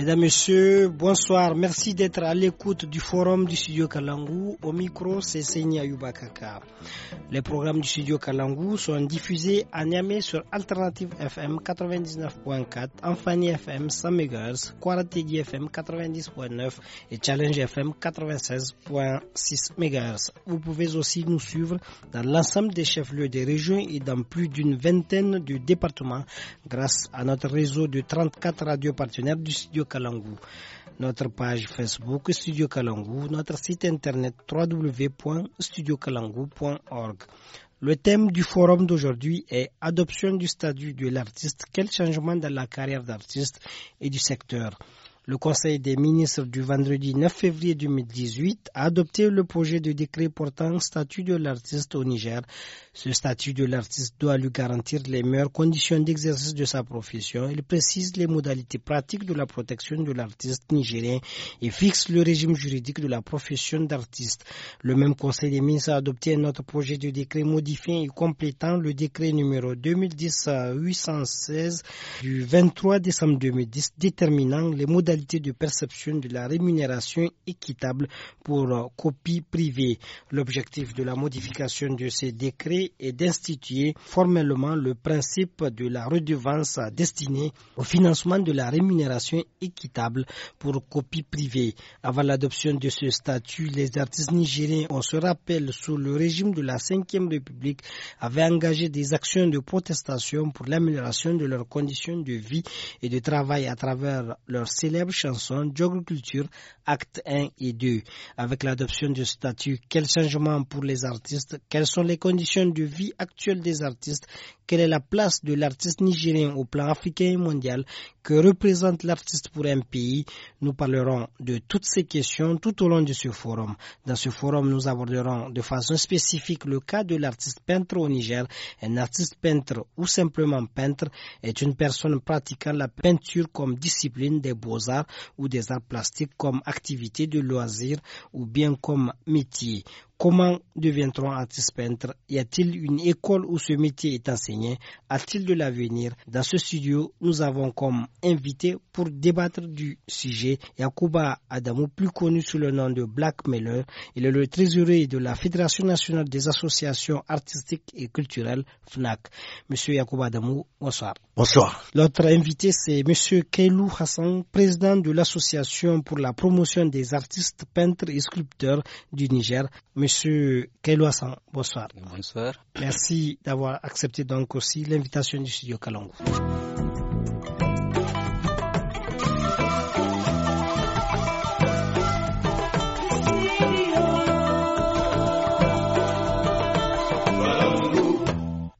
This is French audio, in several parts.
Mesdames, Messieurs, bonsoir. Merci d'être à l'écoute du forum du studio Kalangou. Au micro, c'est Seigneur Yubakaka. Les programmes du studio Kalangou sont diffusés à Niamey sur Alternative FM 99.4, Enfani FM 100 MHz, Kwarategi FM 90.9 et Challenge FM 96.6 MHz. Vous pouvez aussi nous suivre dans l'ensemble des chefs-lieux des régions et dans plus d'une vingtaine de départements grâce à notre réseau de 34 radios partenaires du studio Kalangu, notre page Facebook Studio Kalangu, notre site internet www.studiokalangu.org. Le thème du forum d'aujourd'hui est Adoption du statut de l'artiste, quel changement dans la carrière d'artiste et du secteur. Le Conseil des ministres du vendredi 9 février 2018 a adopté le projet de décret portant statut de l'artiste au Niger. Ce statut de l'artiste doit lui garantir les meilleures conditions d'exercice de sa profession. Il précise les modalités pratiques de la protection de l'artiste nigérien et fixe le régime juridique de la profession d'artiste. Le même Conseil des ministres a adopté un autre projet de décret modifiant et complétant le décret numéro 2010-816 du 23 décembre 2010 déterminant les modalités de perception de la rémunération équitable pour euh, copie privée. L'objectif de la modification de ces décrets est d'instituer formellement le principe de la redevance destinée au financement de la rémunération équitable pour copie privée. Avant l'adoption de ce statut, les artistes nigériens, on se rappelle, sous le régime de la Ve République, avaient engagé des actions de protestation pour l'amélioration de leurs conditions de vie et de travail à travers leur célèbre célèbre chanson culture, actes 1 et 2. Avec l'adoption du statut, quel changement pour les artistes Quelles sont les conditions de vie actuelles des artistes Quelle est la place de l'artiste nigérien au plan africain et mondial que représente l'artiste pour un pays. Nous parlerons de toutes ces questions tout au long de ce forum. Dans ce forum, nous aborderons de façon spécifique le cas de l'artiste peintre au Niger. Un artiste peintre ou simplement peintre est une personne pratiquant la peinture comme discipline des beaux-arts ou des arts plastiques comme activité de loisir ou bien comme métier. Comment deviendront artistes peintres Y a-t-il une école où ce métier est enseigné A-t-il de l'avenir Dans ce studio, nous avons comme invité pour débattre du sujet Yakuba Adamou, plus connu sous le nom de Black Miller. Il est le trésorier de la Fédération nationale des associations artistiques et culturelles, FNAC. Monsieur Yakuba Adamou, bonsoir. Bonsoir. L'autre invité, c'est Monsieur Kailou Hassan, président de l'Association pour la promotion des artistes peintres et sculpteurs du Niger. Monsieur Kailouassan, bonsoir. Bonsoir. Merci d'avoir accepté donc aussi l'invitation du studio Kalangou.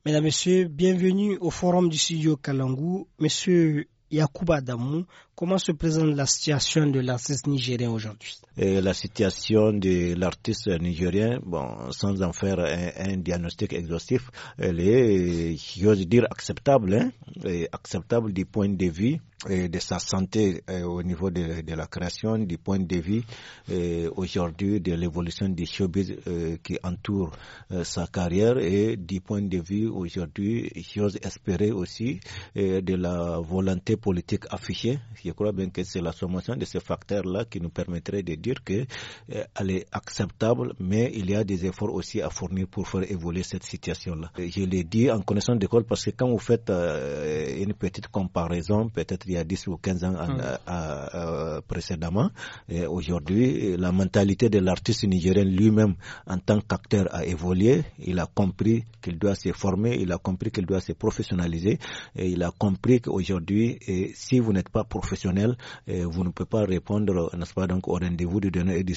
Mesdames, Messieurs, bienvenue au forum du studio Kalangou. Monsieur Yacouba Damou, comment se présente la situation de l'artiste nigérien aujourd'hui euh, La situation de l'artiste nigérien, bon, sans en faire un, diagnostic exhaustif, elle est, j'ose dire, acceptable, hein, acceptable du point de vue de sa santé euh, au niveau de, la création, du point de vue euh, aujourd'hui de l'évolution du showbiz euh, qui entoure sa carrière et du point de vue aujourd'hui, j'ose espérer aussi, de la volonté politique affichée. Je crois bien que c'est la sommation de ces facteurs-là qui nous permettrait de dire que elle est acceptable, mais il y a des efforts aussi à fournir pour faire évoluer cette situation-là. Je l'ai dit en connaissance d'école parce que quand vous faites une petite comparaison, peut-être il y a 10 ou 15 ans ah. euh, euh, précédemment. aujourd'hui, la mentalité de l'artiste nigérien lui-même en tant qu'acteur a évolué. Il a compris qu'il doit se former, il a compris qu'il doit se professionnaliser et il a compris qu'aujourd'hui, si vous n'êtes pas professionnel, vous ne pouvez pas répondre, n'est-ce pas, donc au rendez-vous du donner et du,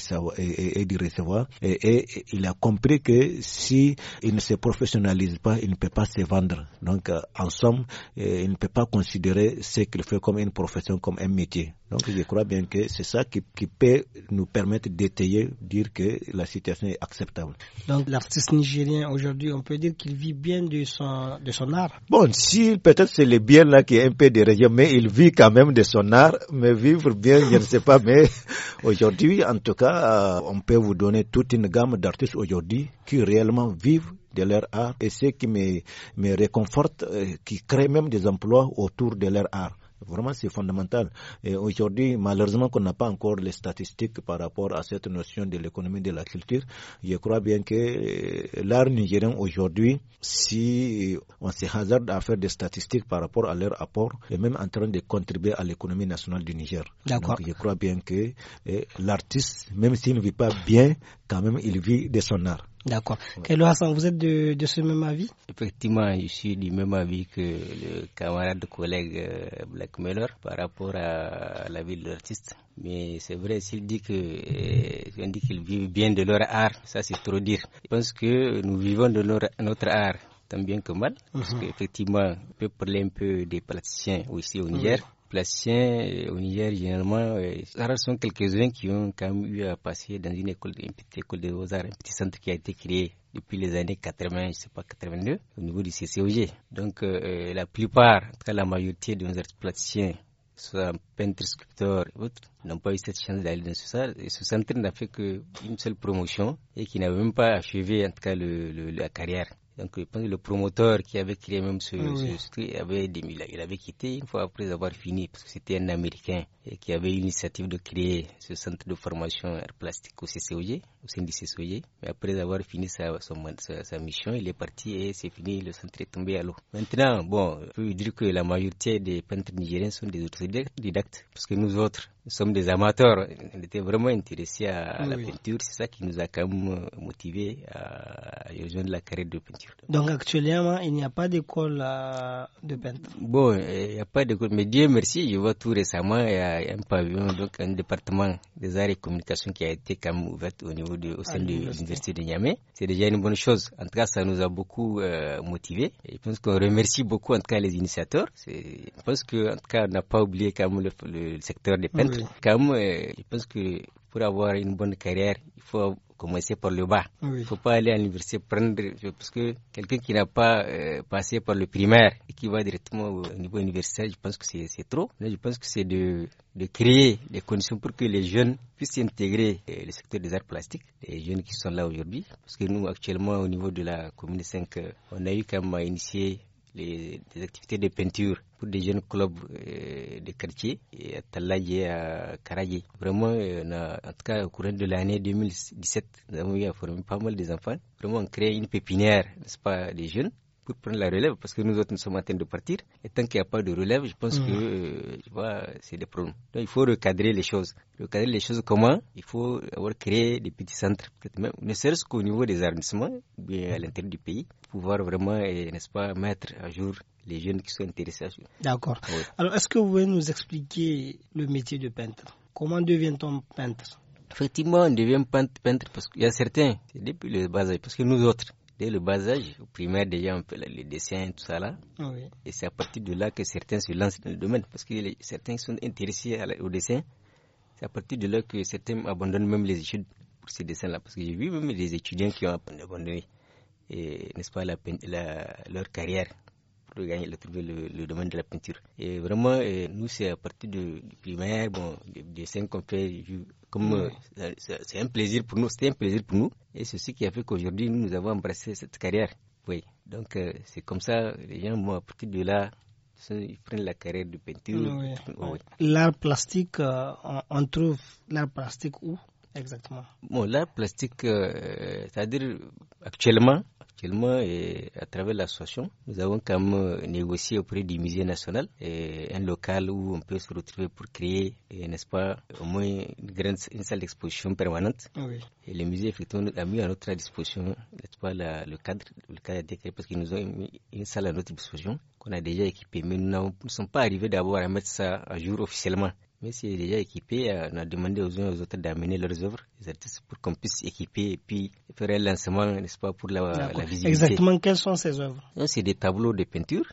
recevoir. Et, il a compris que si il ne se professionnalise pas, il ne peut pas se vendre. Donc, euh, en somme, il ne peut pas considérer ce qu'il fait comme une profession, comme un métier. Donc je crois bien que c'est ça qui, qui, peut nous permettre d'étayer, dire que la situation est acceptable. Donc l'artiste nigérien aujourd'hui, on peut dire qu'il vit bien de son, de son art. Bon, si peut-être c'est le bien là qui est un peu dérégé, mais il vit quand même de son art, mais vivre bien, je ne sais pas, mais aujourd'hui, en tout cas, euh, on peut vous donner toute une gamme d'artistes aujourd'hui qui réellement vivent de leur art et ce qui me, me réconforte, euh, qui crée même des emplois autour de leur art. Vraiment, c'est fondamental. Et aujourd'hui, malheureusement qu'on n'a pas encore les statistiques par rapport à cette notion de l'économie de la culture. Je crois bien que euh, l'art nigérien aujourd'hui, si on se hasarde à faire des statistiques par rapport à leur apport, est même en train de contribuer à l'économie nationale du Niger. D'accord. je crois bien que euh, l'artiste, même s'il ne vit pas bien, quand même, il vit de son art. D'accord. Quel Hassan, vous êtes de, de, ce même avis Effectivement, je suis du même avis que le camarade collègue euh, Black Miller par rapport à la vie de l'artiste. Mais c'est vrai, s'il dit que euh, dit qu'ils vivent bien de leur art, ça c'est trop dire. Je pense que nous vivons de leur, notre art tant bien que mal, parce mhm. qu'effectivement, on peut parler un peu des praticiens aussi au Niger plasticiens euh, au Niger, généralement, ce euh, sont quelques-uns qui ont quand même eu à passer dans une école, une petite école de beaux-arts, un petit centre qui a été créé depuis les années 80, je sais pas, 82, au niveau du CCOG. Donc, euh, la plupart, en tout cas la majorité de nos artistes soit peintres, sculpteurs ou autres, n'ont pas eu cette chance d'aller dans ce centre. Et ce centre n'a fait qu'une seule promotion et qui n'a même pas achevé, en tout cas, la carrière. Donc, le promoteur qui avait créé même ce, oui. ce avait, il avait quitté une fois après avoir fini, parce que c'était un Américain qui avait l'initiative de créer ce centre de formation plastique au CCOG, au sein du CCOG. Mais après avoir fini sa, mission, il est parti et c'est fini, le centre est tombé à l'eau. Maintenant, bon, je peux dire que la majorité des peintres nigériens sont des autodidactes, parce que nous autres, nous sommes des amateurs. On était vraiment intéressés à, la peinture. C'est ça qui nous a quand même motivés à, à rejoindre la carrière de peinture. Donc actuellement, il n'y a pas d'école euh, de peintre. Bon, euh, il n'y a pas d'école, mais Dieu merci, je vois tout récemment, il y a un pavillon, donc un département des arts et communications qui a été quand ouvert au niveau sein de l'université de Niamey. C'est déjà une bonne chose. En tout cas, ça nous a beaucoup motivé euh, motivés. je pense qu'on remercie beaucoup en tout cas les initiateurs. Je pense qu'en tout cas, on n'a pas oublié quand même le, secteur des peintres. je pense que pour avoir une bonne carrière, il faut commencer par le bas. Il ne faut pas aller à l'université prendre, parce que quelqu'un qui n'a pas euh, passé par le primaire et qui va directement au niveau universitaire, je pense que c'est trop. je pense que c'est de, de, créer des conditions pour que les jeunes puissent intégrer euh, le secteur des arts plastiques, les jeunes qui sont là aujourd'hui. Parce que nous, actuellement, au niveau de la commune 5, euh, on a eu comme initié les, des activités de peinture pour des jeunes clubs euh, de quartier, et à Talaj à Karayé. Vraiment, euh, en tout cas, au courant de l'année 2017, nous avons eu pas mal des enfants. Vraiment, on crée une pépinière, n'est-ce pas, des jeunes pour prendre la relève, parce que nous autres, nous sommes en train de partir. Et tant qu'il n'y a pas de relève, je pense mm. que euh, vois c'est des problèmes. Donc, il faut recadrer les choses. Recadrer les choses comment Il faut avoir créé des petits centres, même, ne serait-ce qu'au niveau des arrondissements, bien à l'intérieur du pays, pouvoir vraiment, eh, n'est-ce pas, mettre à jour les jeunes qui sont intéressés à D'accord. Ah Alors, est-ce que vous pouvez nous expliquer le métier de peintre Comment devient-on peintre Effectivement, on devient peintre, peintre parce qu'il y a certains, depuis le bas âge, parce que nous autres, dès le bas âge, au primaire déjà, on fait les dessins, tout ça là. Ah et c'est à partir de là que certains se lancent dans le domaine, parce que certains sont intéressés au dessin. C'est à partir de là que certains abandonnent même les études pour ces dessins-là, parce que j'ai vu même des étudiants qui ont abandonné, nest pas, la, leur carrière pour gagner le, le, le, domaine de la peinture. Et vraiment, nous, c'est à partir du primaire, bon, des, dessins qu'on fait, comme mm. euh, c'est un plaisir pour nous, c'était un plaisir pour nous. Et c'est ce qui a fait qu'aujourd'hui, nous, avons embrassé cette carrière. Oui, donc euh, c'est comme ça, les gens, moi, à partir de là, ils prennent la carrière de peinture. L'art plastique, euh, on, trouve l'art plastique où exactement Bon, l'art plastique, c'est-à-dire actuellement, Actuellement, et à travers l'association, nous avons quand même euh, négocié auprès du musée national un local où on peut se retrouver pour créer, n'est-ce pas, au moins une, grande, salle d'exposition permanente. Ah et le musée, effectivement, a mis à notre disposition, nest pas, le cadre, le cadre décret, parce qu'ils nous ont mis une salle à notre disposition qu'on a déjà équipée. Mais nous ne sommes pas arrivés d'abord à mettre ça à jour officiellement. Mais c'est déjà équipé, euh, on a demandé aux uns et aux autres d'amener leurs œuvres, les artistes, pour qu'on puisse équiper et puis faire un lancement, n'est-ce pas, pour la, la visibilité. Exactement, quelles sont ces œuvres C'est des tableaux de peinture,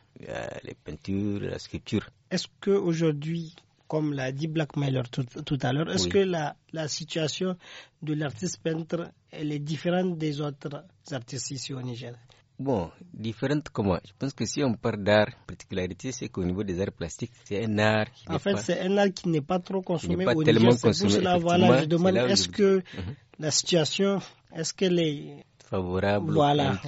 les peintures, la sculpture. Est-ce qu'aujourd'hui, comme l'a dit Blackmailer tout, à l'heure, est-ce que la, la, situation de l'artiste peintre elle est différente des autres artistes ici au Niger Bon, différentes comment Je pense que si on parle d'art, particularité, c'est qu'au niveau des arts plastiques, c'est un art qui c'est un qui n'est pas trop consommé tellement Consommé, je demande, est-ce que mhm. la situation, est-ce qu'elle est... Favorable. Voilà,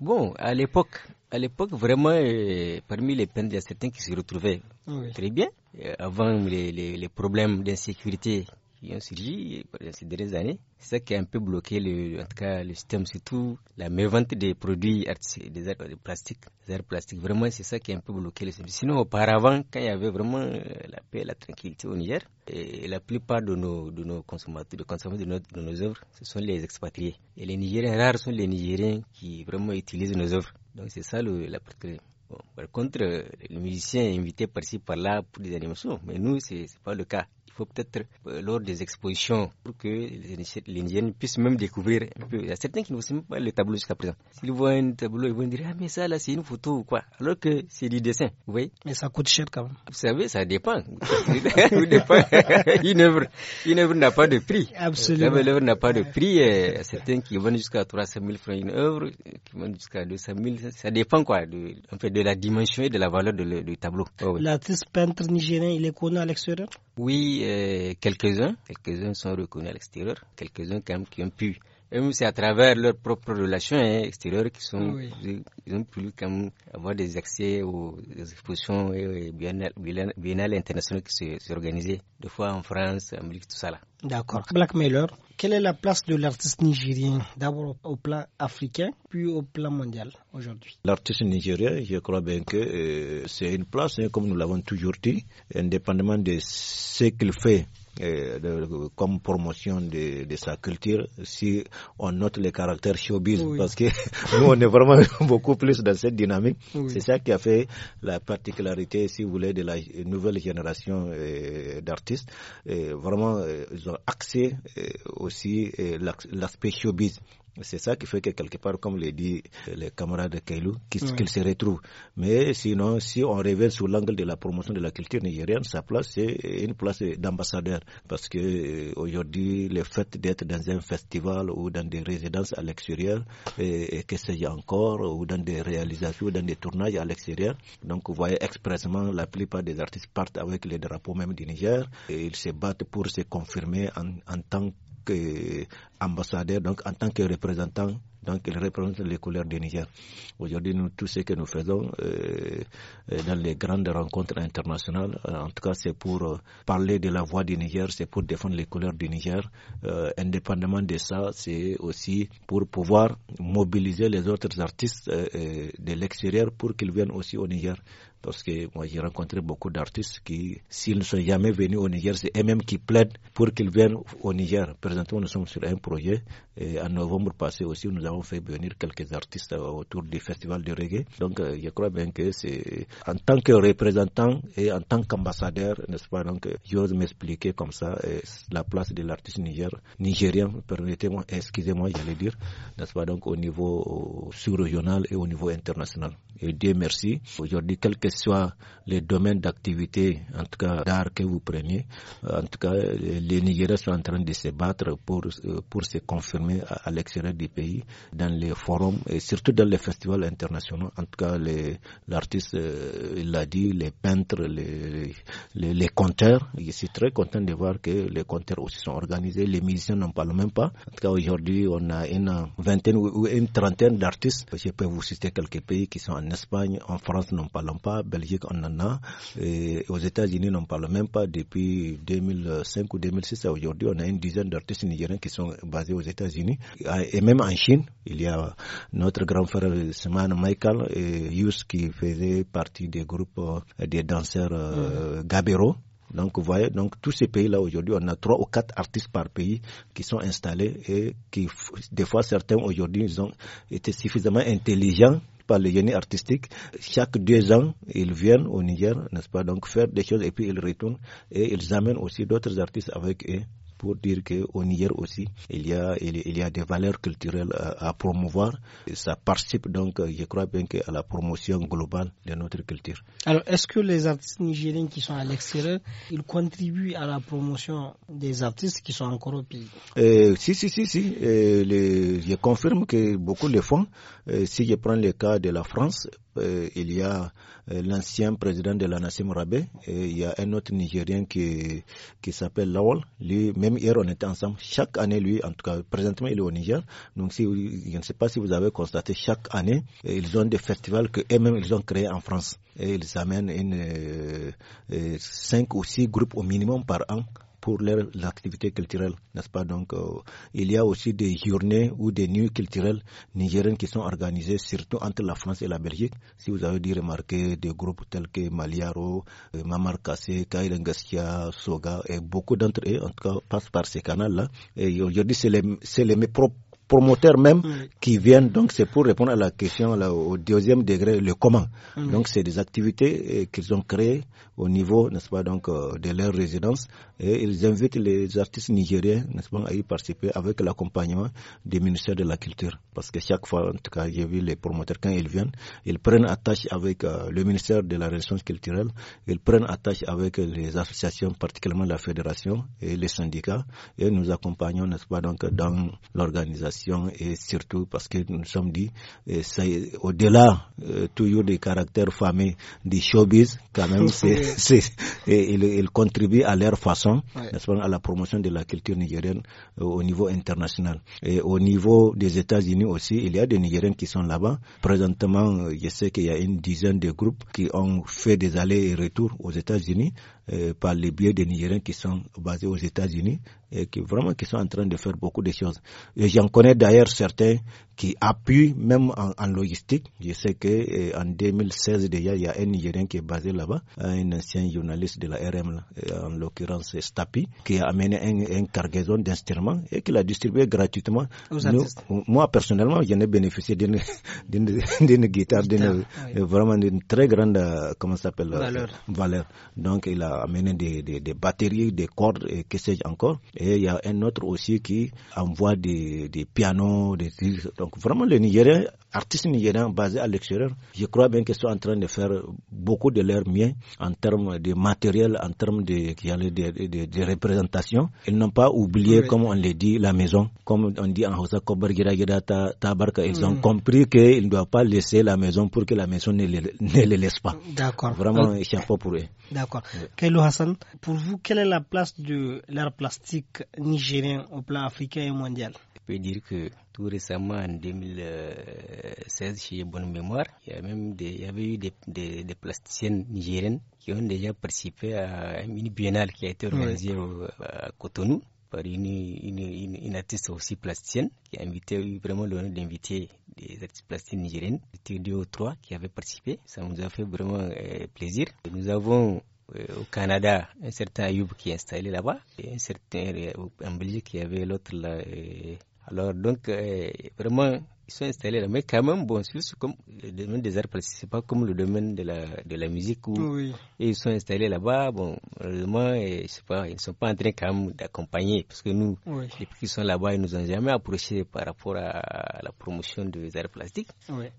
Bon, à l'époque, à l'époque, vraiment, euh, parmi les peintres, il y a certains qui se retrouvaient très bien. Euh, avant les, les problèmes d'insécurité qui ont surgi euh, ces dernières années. C'est ça qui a un peu bloqué le, en tout cas, le système, surtout la mévente des produits artistiques, des arts plastiques, des plastiques. Vraiment, c'est ça qui a un peu bloqué le système. Sinon, auparavant, quand il y avait vraiment euh, la paix, la tranquillité au Niger, et la plupart de nos, de nos consommateurs, de, consommateurs de, de nos œuvres, ce sont les expatriés. Et les Nigériens rares sont les Nigériens qui vraiment utilisent nos œuvres. Donc, c'est ça le, la particularité. Bon, par contre, euh, les musiciens invités par-ci par-là pour des animations, mais nous, ce n'est pas le cas faut peut-être euh, lors des expositions pour que les puisse même découvrir Il y a certains qui ne voient même pas le tableau jusqu'à présent. S'ils voient un tableau, ils vont dire Ah, mais ça là, c'est une photo ou quoi Alors que c'est du dessin, vous voyez Mais ça coûte cher quand même. Vous savez, ça dépend. une œuvre une n'a pas de prix. Absolument. L'œuvre n'a pas de prix. Euh, il certains qui vont jusqu'à 300 000 francs une œuvre, qui vont jusqu'à 200 000. Ça dépend quoi, en fait, de la dimension et de la valeur du tableau. Oh, L'artiste peintre nigérien, il est connu à l'extérieur oui, euh, quelques-uns, quelques-uns sont reconnus à l'extérieur, quelques-uns quand même qui ont pu c'est à travers leurs propres relations extérieures qu'ils sont, ont pu avoir des accès aux, expositions et, biennales, internationales qui s'organisaient, des fois en France, en Belgique, tout ça D'accord. Black quelle est la place de l'artiste nigérien, d'abord au plan africain, puis au plan mondial aujourd'hui L'artiste nigérien, je crois bien que euh, c'est une place, hein, comme nous l'avons toujours dit, indépendamment de ce qu'il fait euh, comme promotion de, sa culture si on note le caractère showbiz parce que nous on est vraiment beaucoup plus dans cette dynamique. C'est ça qui a fait la particularité, si vous voulez, de la nouvelle génération euh, d'artistes. Vraiment, euh, ils ont axé aussi l'aspect showbiz. C'est ça qui fait que quelque part, comme le dit euh, les camarades de Kailou, qu'il se retrouve. Mais sinon, si on revient sous l'angle de la promotion de la culture nigérienne, sa place c'est une place d'ambassadeur. Parce que euh, aujourd'hui, le fait d'être dans un festival ou dans des résidences à l'extérieur, et, et, que y je encore, ou dans des réalisations, ou dans des tournages à l'extérieur, donc vous voyez expressément la plupart des artistes partent avec les drapeaux même du Niger et ils se battent pour se confirmer en, en tant ambassadeur, donc en tant que représentant donc, ils représentent les couleurs du Niger. Aujourd'hui, nous, tout ce que nous faisons euh, euh, dans les grandes rencontres internationales, euh, en tout cas, c'est pour parler de la voix du Niger, c'est pour défendre les couleurs du Niger. indépendamment de ça, c'est aussi pour pouvoir mobiliser les autres artistes de l'extérieur pour qu'ils viennent aussi au Niger parce que moi j'ai rencontré beaucoup d'artistes qui, s'ils ne sont jamais venus au Niger, c'est eux-mêmes qui plaident pour qu'ils viennent au Niger. Présentement, nous sommes sur un projet et en novembre passé aussi, nous avons fait venir quelques artistes autour du festival de reggae. Donc, euh, je crois bien que c'est en tant que représentant et en tant qu'ambassadeur, n'est-ce pas, donc, euh, j'ose m'expliquer comme ça la place de l'artiste niger, nigérien, permettez-moi, excusez-moi, j'allais dire, n'est-ce pas, donc, au niveau euh, sous-régional et au niveau international. Et Dieu merci. Aujourd'hui, quel que soit les domaines d'activité, en tout cas d'art que vous preniez, en tout cas, les Nigériens sont en train de se battre pour, pour se confirmer à, l'extérieur du pays, dans les forums et surtout dans les festivals internationaux. En tout cas, l'artiste euh, l'a dit, les peintres, les, les, conteurs. Je suis très content de voir que les conteurs aussi sont organisés. Les musiciens n'en parlent même pas. En tout cas, aujourd'hui, on a une vingtaine ou une trentaine d'artistes. Je peux vous citer quelques pays qui sont en Espagne, en France, n'en parlons pas. Belgique, on en a. aux États-Unis, n'en parlons même pas. Depuis 2005 ou 2006 aujourd'hui, on a une dizaine d'artistes nigériens qui sont basés aux États-Unis. Ah, et même en Chine, il y a notre grand frère euh, Simon Michael et Yus qui faisait partie des groupes euh, des danseurs euh, mm. Gabero. Donc, vous voyez, donc tous ces pays-là aujourd'hui, on a trois ou quatre artistes par pays qui sont installés et qui, des fois, certains aujourd'hui, ils ont été suffisamment intelligents par le génie artistique. Chaque deux ans, ils viennent au Niger, n'est-ce pas, donc faire des choses et puis ils retournent et ils amènent aussi d'autres artistes avec eux pour dire au Niger aussi, il y a, il y a des valeurs culturelles euh, à, promouvoir. ça participe donc, euh, je crois bien, à la promotion globale de notre culture. Alors, est-ce que les artistes nigériens qui sont à l'extérieur, ils contribuent à la promotion des artistes qui sont encore au pays euh, Si, si, si, si. Euh, les, je confirme que beaucoup le font. Euh, si je prends le cas de la France, euh, il y a euh, l'ancien président de la Nassim Rabé, et il y a un autre Nigérien qui, qui s'appelle Lawal. Lui, même hier, on était ensemble. Chaque année, lui, en tout cas, présentement, il est au Niger. Donc, je ne sais pas si vous avez constaté, chaque année, ils ont des festivals que eux-mêmes, ils ont créés en France. Et ils amènent une, euh, cinq ou six groupes au minimum par an pour l'activité culturelle n'est-ce pas Donc, euh, il y a aussi des journées ou des nuits culturelles nigériennes qui sont organisées, surtout entre la France et la Belgique. Si vous avez dû remarquer, des groupes tels que Maliaro, euh, Mamar Kassé, Soga, et beaucoup d'entre eux, en tout cas, passent par ces canaux-là. Et aujourd'hui, c'est les, les, mes propres promoteurs même mm. qui viennent. Donc, c'est pour répondre à la question au deuxième degré, le comment. Mm. Donc, c'est des activités euh, qu'ils ont créées au niveau, n'est-ce pas, donc, euh, de leur résidence. Et ils invitent les artistes nigériens, n'est-ce pas, à y participer avec l'accompagnement du ministère de la Culture. Parce que chaque fois, en tout cas, j'ai vu les promoteurs, quand ils viennent, ils prennent attache avec euh, le ministère de la Résistance culturelle, ils prennent attache avec les associations, particulièrement la fédération et les syndicats, et nous accompagnons, n'est-ce pas, donc, dans l'organisation et surtout parce que nous sommes dit, euh, au-delà euh, toujours des caractères fameux des showbiz, quand même, c'est, ils, contribuent à leur façon à la promotion de la culture nigérienne euh, au niveau international. Et au niveau des États-Unis aussi, il y a des Nigériens qui sont là-bas. Présentement, je sais qu'il y a une dizaine de groupes qui ont fait des allers et retours aux États-Unis euh, par les biais des Nigériens qui sont basés aux États-Unis et qui vraiment qui sont en train de faire beaucoup de choses. J'en connais d'ailleurs certains qui appuient même en, logistique. Je sais que euh, en 2016 déjà il y a un Nigérien qui est basé là-bas, un ancien journaliste de la RM, là, euh, en l'occurrence Stapi, qui a amené un, cargaison d'instruments et qui l'a distribué gratuitement. moi personnellement, j'en ai bénéficié d'une guitare, d'une vraiment d'une très grande comment s'appelle valeur. valeur. Donc il a amener des, des, batteries, des cordes et que sais-je encore. Et il y a un autre aussi qui envoie des, des pianos, des Donc vraiment, les Nigériens artistes nigériens basés à l'extérieur, je crois bien qu'ils sont en train de faire beaucoup de leur mieux en termes de matériel, en termes de, de, de, représentation. Ils n'ont pas oublié, comme on le dit, la maison. Comme on dit en hosa, Tabarka, ils ont mm. compris qu'ils ne doivent pas laisser la maison pour que la maison ne les, laisse pas. D'accord. Vraiment, suis pas pour eux. D'accord. Hassan, pour vous, quelle est la place de l'art plastique nigérien au plan africain et mondial Je peux dire que tout récemment en 2016 chez Bonne Mémoire. Il y, a même il y avait eu des, plasticiennes nigériennes qui ont déjà participé à une biennale qui a été organisée à Cotonou par une, une, une, artiste aussi plasticienne qui a invité, eu vraiment l'honneur d'inviter des artistes plasticiennes nigériennes. C'était deux ou trois qui avaient participé. Ça nous a fait vraiment euh, plaisir. Nous avons euh, au Canada un certain Ayoub qui est installé là-bas et un certain euh, en Belgique avait l'autre là. Alors, donc, euh, vraiment, ils sont installés là. Mais quand même, bon, c'est comme le domaine des arts c'est pas comme le domaine de la, de la musique où ils sont installés là-bas. Bon, heureusement, euh, pas, ils ne sont pas en train quand même d'accompagner parce que nous, depuis les sont là-bas, ils nous ont jamais approché par rapport à la promotion des arts plastiques.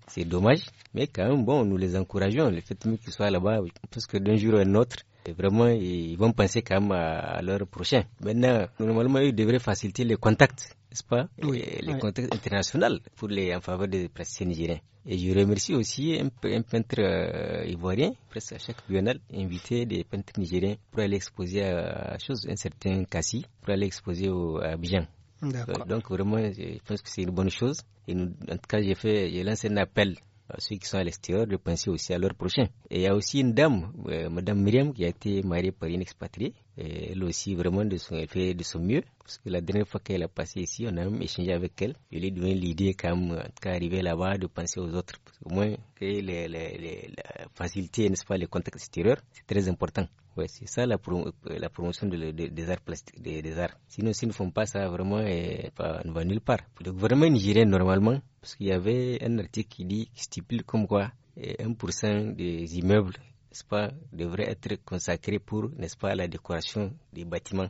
C'est dommage, mais quand même, bon, nous les encourageons, le fait qu'ils soient là-bas, parce que d'un jour à un autre, vraiment, ils vont penser quand même à, leur prochain. Maintenant, normalement, ils devraient faciliter les contacts, n'est-ce pas oui, Les contacts internationaux pour les, en faveur des praticiens nigériens. Et je remercie aussi un, peintre euh, ivoirien, presque à chaque biennale, invité des peintres nigériens pour aller exposer à, euh, chose, un certain Kassi, pour aller exposer au, à Abidjan. Euh, donc vraiment, je pense que c'est une bonne chose. Et en tout cas, j'ai fait, j'ai lancé un appel euh, ceux qui sont à l'extérieur de penser aussi à leur prochain. Et il y a aussi une dame, euh, Madame Myriam, qui a été mariée par une expatriée elle aussi, vraiment, de son, elle fait de son mieux. Parce que la dernière fois qu'elle a passé ici, on a même échangé avec elle. Elle lui devenue l'idée, quand même, quand arriver là-bas, de penser aux autres. Parce moins, que les, les, la facilité, n'est-ce pas, les contacts extérieurs, c'est très important. Ouais, c'est ça la, promotion des arts plastiques, des, arts. Sinon, s'ils ne font pas ça, vraiment, on eh, ne va nulle part. Le gouvernement nigérien, normalement, parce qu'il y avait un article qui dit, qui stipule comme quoi, 1% eh, des immeubles pas, devrait être consacré pour, n'est-ce pas, la décoration des bâtiments.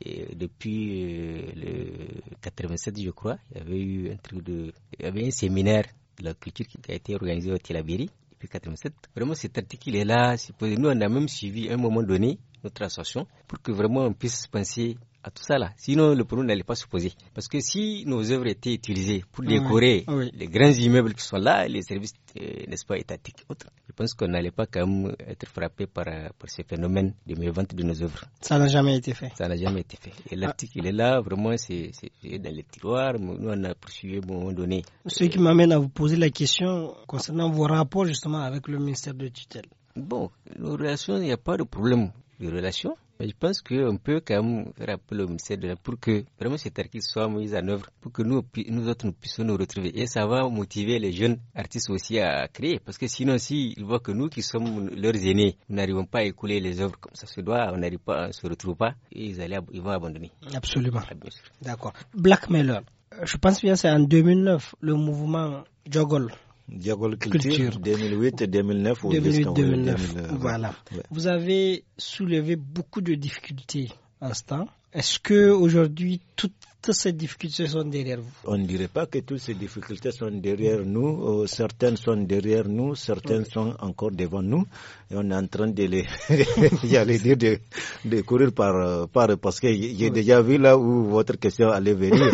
Et depuis euh, le 87, je crois, il y avait eu un truc de, y avait un séminaire de la culture qui a été organisé au Tilabiri depuis 87. Vraiment, cet article est là. Nous, on a même suivi à un moment donné notre association pour que vraiment on puisse penser à tout ça là. Sinon, le problème n'allait pas se poser. Parce que si nos œuvres étaient utilisées pour décorer ah les grands immeubles qui sont là, les services, euh, n'est-ce pas, étatiques, autres, je pense qu'on n'allait pas quand même être frappé par, euh, par ce phénomène de vente de nos œuvres. Ça n'a jamais été fait. Ça n'a jamais été fait. Et l'article, ah. il est là, vraiment, c'est dans les tiroirs. Nous, on a poursuivi à un moment donné. Ce qui euh, m'amène à vous poser la question concernant vos rapports justement avec le ministère de tutelle. Bon, nos relations, il n'y a pas de problème de relations je pense qu'on peut quand même faire appel au ministère de la pour que vraiment cet artiste soit mis en œuvre, pour que nous, autres nous puissions nous retrouver. Et ça va motiver les jeunes artistes aussi à créer. Parce que sinon, s'ils voient que nous qui sommes leurs aînés, nous n'arrivons pas à écouler les œuvres comme ça se doit, on n'arrive pas, se retrouve pas, ils, vont abandonner. Absolument. Ah, D'accord. Blackmailer. Je pense bien c'est en 2009, le mouvement Jogol Diagol Culture, 2008 2009 ou 2008, 2009. voilà. Vous avez soulevé beaucoup de difficultés à ce temps. Est-ce que aujourd'hui toutes ces difficultés sont derrière vous On ne dirait pas que toutes ces difficultés sont derrière nous. Euh, certaines sont derrière nous, certaines sont encore devant nous. Et on est en train de les, j'allais dire, de, de, courir par, euh, par parce que j'ai déjà vu là où votre question allait venir.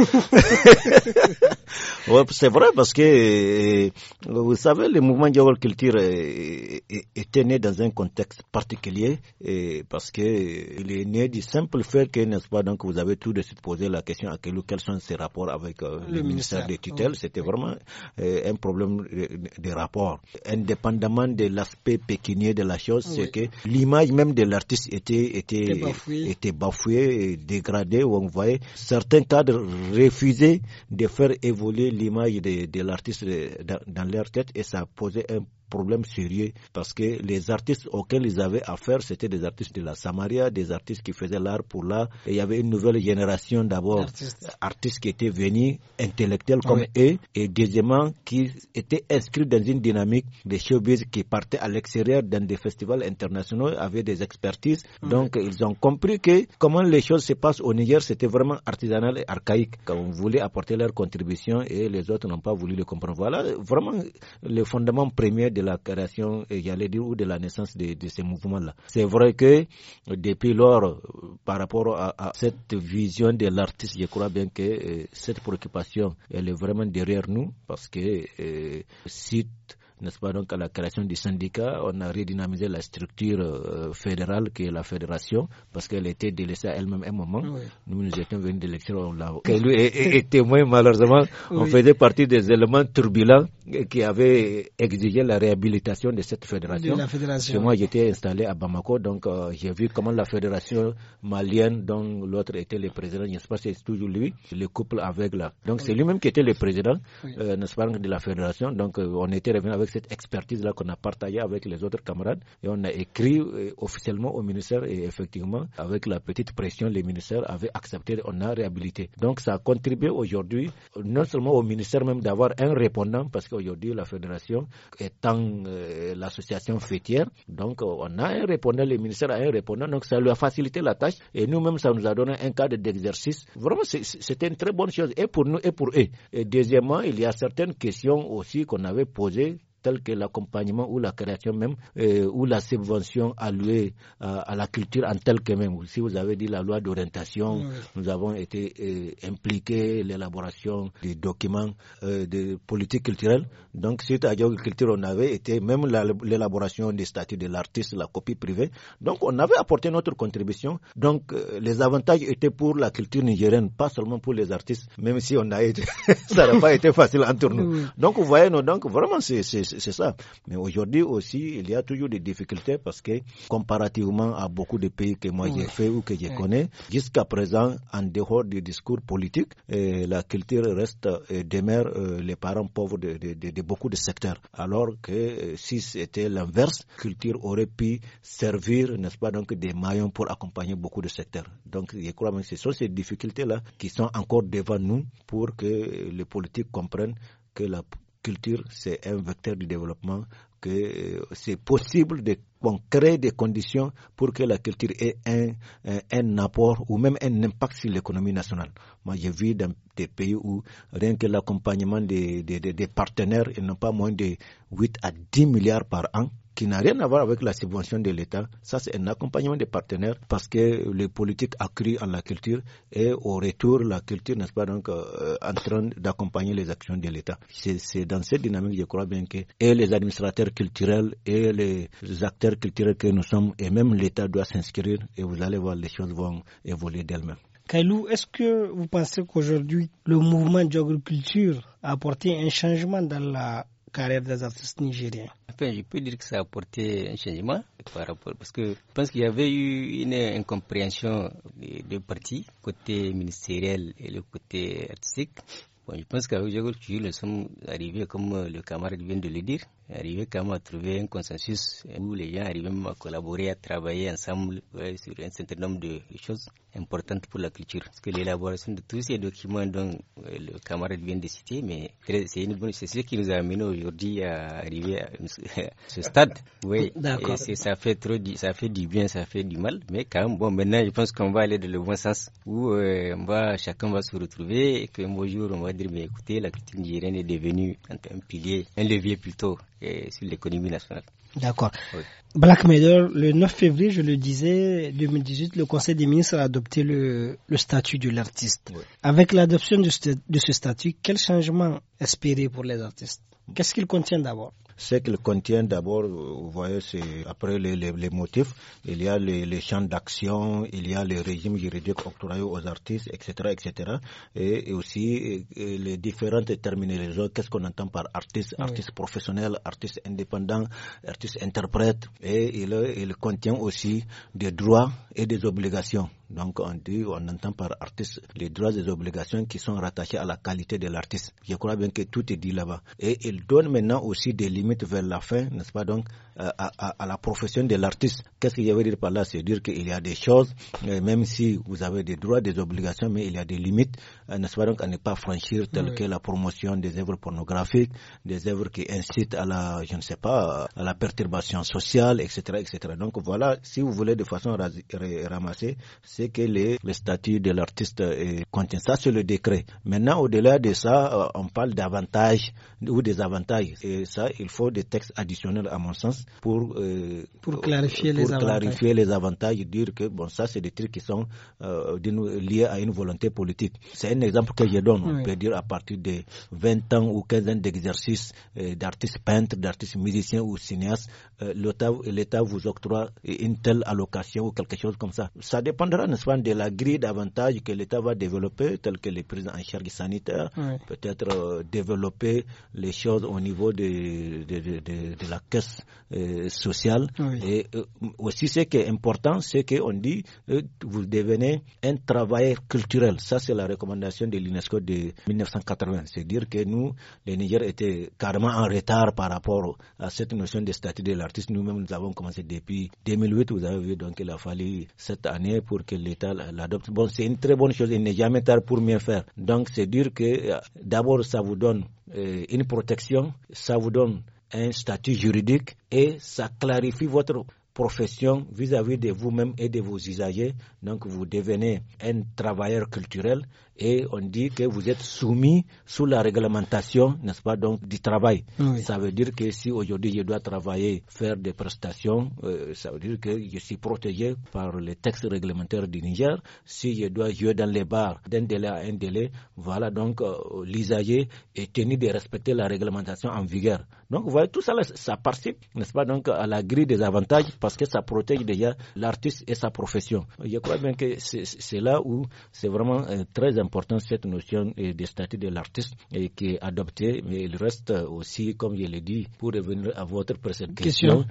c'est vrai parce que, euh, vous savez, le mouvement Diawol Culture était né dans un contexte particulier et parce que il est né du simple fait que, donc, vous avez tout de suite posé la question à quel, quels sont ses rapports avec euh, le, ministère, des tutelles. C'était vraiment euh, un problème euh, de rapport. Indépendamment de l'aspect pécunier de la chose, c'est que l'image même de l'artiste était, était, bafouée. dégradée. on voyait certains cadres refusaient de faire évoluer l'image de, l'artiste dans, dans, leur tête et ça posait un problème sérieux parce que les artistes auxquels ils avaient affaire, c'était des artistes de la Samaria, des artistes qui faisaient l'art pour l'art. Et il y avait une nouvelle génération d'abord artistes. qui étaient venus, intellectuels comme eux, et deuxièmement qui étaient inscrits dans une dynamique des showbiz qui partaient à l'extérieur dans des festivals internationaux, avaient des expertises. Donc ils ont compris que comment les choses se passent au Niger, c'était vraiment artisanal et archaïque. Quand on voulait apporter leur contribution et les autres n'ont pas voulu le comprendre. Voilà vraiment le fondement premier de la création, j'allais dire, ou de la naissance de, de ces mouvements-là. C'est vrai que depuis lors, euh, par rapport à, cette vision de l'artiste, je crois bien que euh, cette préoccupation, elle est vraiment derrière nous parce que euh, n'est-ce pas, donc à la création du syndicat, on a redynamisé la structure euh, fédérale qui est la fédération, parce qu'elle était délaissée à elle-même un moment. Nous, nous étions venus d'élection, on témoin, malheureusement, on faisait partie des éléments turbulents qui avaient exigé la réhabilitation de cette fédération. chez moi, j'étais installé à Bamako, donc euh, j'ai vu comment la fédération malienne, dont l'autre était le président, n'est-ce pas c'est toujours lui, le couple avec là. Donc c'est lui-même qui était le président, euh, n'est-ce pas, de la fédération. Donc on était revenu avec cette expertise-là qu'on a partagée avec les autres camarades. Et on a écrit euh, officiellement au ministère et effectivement, avec la petite pression, les ministères avaient accepté, on a réhabilité. Donc ça a contribué aujourd'hui, non seulement au ministère même d'avoir un répondant, parce qu'aujourd'hui la fédération étant euh, l'association fêtière, donc on a un répondant, les ministères a un répondant, donc ça lui a facilité la tâche et nous-mêmes ça nous a donné un cadre d'exercice. Vraiment, c'était une très bonne chose et pour nous et pour eux. Et deuxièmement, il y a certaines questions aussi qu'on avait posées tels que l'accompagnement ou la création même euh, ou la subvention allouée euh, à la culture en telle que même. Si vous avez dit la loi d'orientation, nous avons été euh, impliqués l'élaboration des documents de politique culturelle. Donc suite à la Culture, on avait été même l'élaboration des statuts de l'artiste, la copie privée. Donc on avait apporté notre contribution. Donc les avantages étaient pour la culture nigérienne, pas seulement pour les artistes, même si on a été, ça n'a pas été facile entre nous. Donc vous voyez, donc vraiment c'est c'est ça. Mais aujourd'hui aussi, il y a toujours des difficultés parce que comparativement à beaucoup de pays que moi j'ai fait ou que je connais, jusqu'à présent, en dehors du discours politique, euh, la culture reste eh, demeure euh, les parents pauvres de, beaucoup de secteurs. Alors que euh, si c'était l'inverse, la culture aurait pu servir, n'est-ce pas, donc des maillons pour accompagner beaucoup de secteurs. Donc je crois que ce sont ces difficultés-là qui sont encore devant nous pour que les politiques comprennent que la culture, c'est un vecteur du développement, que euh, c'est possible de créer des conditions pour que la culture ait un, euh, un, apport ou même un impact sur l'économie nationale. Moi, j'ai vu dans des pays où rien que l'accompagnement des, des, des, partenaires, ils n'ont pas moins de 8 à 10 milliards par an qui n'a rien à voir avec la subvention de l'État. Ça, c'est un accompagnement des partenaires parce que les politiques accrues en la culture et au retour, la culture, n'est-ce pas, donc, euh, en train d'accompagner les actions de l'État. C'est dans cette dynamique, je crois bien que et les administrateurs culturels et les acteurs culturels que nous sommes et même l'État doit s'inscrire et vous allez voir, les choses vont évoluer d'elles-mêmes. Kailou, est-ce que vous pensez qu'aujourd'hui, le mouvement de a apporté un changement dans la des artistes nigériens Enfin, je peux dire que ça a apporté un changement par rapport, parce que je pense qu'il y avait eu une incompréhension des deux parties, côté ministériel et le côté artistique. Bon, je pense qu'avec Jago nous sommes arrivés, comme le camarade vient de le dire, arriver quand même à trouver un consensus où les gens arrivent même à collaborer, à travailler ensemble sur un certain nombre de choses importantes pour la culture. Parce que l'élaboration de tous ces documents dont le camarade vient de citer, mais c'est une bonne, c'est ce qui nous a amené aujourd'hui à arriver à, ce stade. Oui, ça fait trop, ça fait du bien, ça fait du mal, mais quand même, bon, maintenant, je pense qu'on va aller dans le bon sens où euh, va, chacun va se retrouver et qu'un beau jour, on va dire, mais écoutez, la culture nigérienne est devenue un pilier, un levier plutôt et sur l'économie nationale. D'accord. le 9 février, je le disais, 2018, le Conseil des ministres a adopté le, statut de l'artiste. Avec l'adoption de, de ce statut, quel changement espérer pour les artistes Qu'est-ce qu'il contient d'abord ce qu'il contient d'abord, euh, vous voyez, c'est après les, les, motifs, il y a les, champs d'action, il y a les régimes juridiques octroyés aux artistes, etc., etc., et, aussi euh, euh, les différentes terminologies. qu'est-ce qu'on entend par artiste, artiste professionnel, artiste indépendant, artiste interprète, et il, il contient aussi des droits et des obligations donc on dit, on entend par artiste les droits et les obligations qui sont rattachés à la qualité de l'artiste. Je crois bien que tout est dit là-bas. Et il donne maintenant aussi des limites vers la fin, n'est-ce pas donc, euh, à, à, à, la profession de l'artiste. Qu'est-ce que je veux dire par là C'est dire qu'il y a des choses, euh, même si vous avez des droits, des obligations, mais il y a des limites, euh, n'est-ce pas donc, à ne pas franchir, telles que la promotion des œuvres pornographiques, des œuvres qui incitent à la, je ne sais pas, à la perturbation sociale, etc., etc. Donc voilà, si vous voulez de façon ramasser, c'est que le statut de l'artiste contient. Ça, c'est le décret. Maintenant, au-delà de ça, euh, on parle d'avantages ou des avantages. Et ça, il faut des textes additionnels, à mon sens, pour, euh, pour clarifier, pour les, clarifier les avantages. Dire que, bon, ça, c'est des trucs qui sont euh, liés à une volonté politique. C'est un exemple que je donne. On peut dire à partir de 20 ans ou 15 ans d'exercice d'artiste peintre, d'artiste musicien ou cinéaste, l'État vous octroie une telle allocation ou quelque chose comme ça. Ça dépendra de la grille d'avantages que l'État va développer, tel que les prises en charge sanitaire, peut-être euh, développer les choses au niveau de, de, la caisse euh, sociale. Et euh, aussi, ce qui est important, c'est qu'on dit vous devenez un travailleur culturel. Ça, c'est la recommandation de l'UNESCO de 1980. C'est-à-dire que nous, les Niger étaient carrément en retard par rapport à cette notion de statut de l'artiste. Nous-mêmes, nous avons commencé depuis 2008. Vous avez vu donc il a fallu cette année pour que l'État Bon, c'est une très bonne chose. Il n'est jamais tard pour mieux faire. Donc, c'est dire que euh, d'abord, ça vous donne euh, une protection, ça vous donne un statut juridique et ça clarifie votre profession vis-à-vis -vis de vous-même et de vos usagers. Donc, vous devenez un travailleur culturel et on dit que vous êtes soumis sous la réglementation, n'est-ce pas, donc du travail. Ça veut dire que si aujourd'hui je dois travailler, faire des prestations, euh, ça veut dire que je suis protégé par les textes réglementaires du Niger. Si je dois jouer dans les bars d'un délai à un délai, voilà donc euh, est tenu de respecter la réglementation en vigueur. Donc vous voyez, tout ça, ça participe, n'est-ce pas, donc à la grille des avantages parce que ça protège déjà l'artiste et sa profession. Je crois bien que c'est là où c'est vraiment euh, très important important cette notion eh, de statut de l'artiste eh, qui est adoptée, mais il reste euh, aussi, comme je l'ai dit, pour revenir à votre précédente question,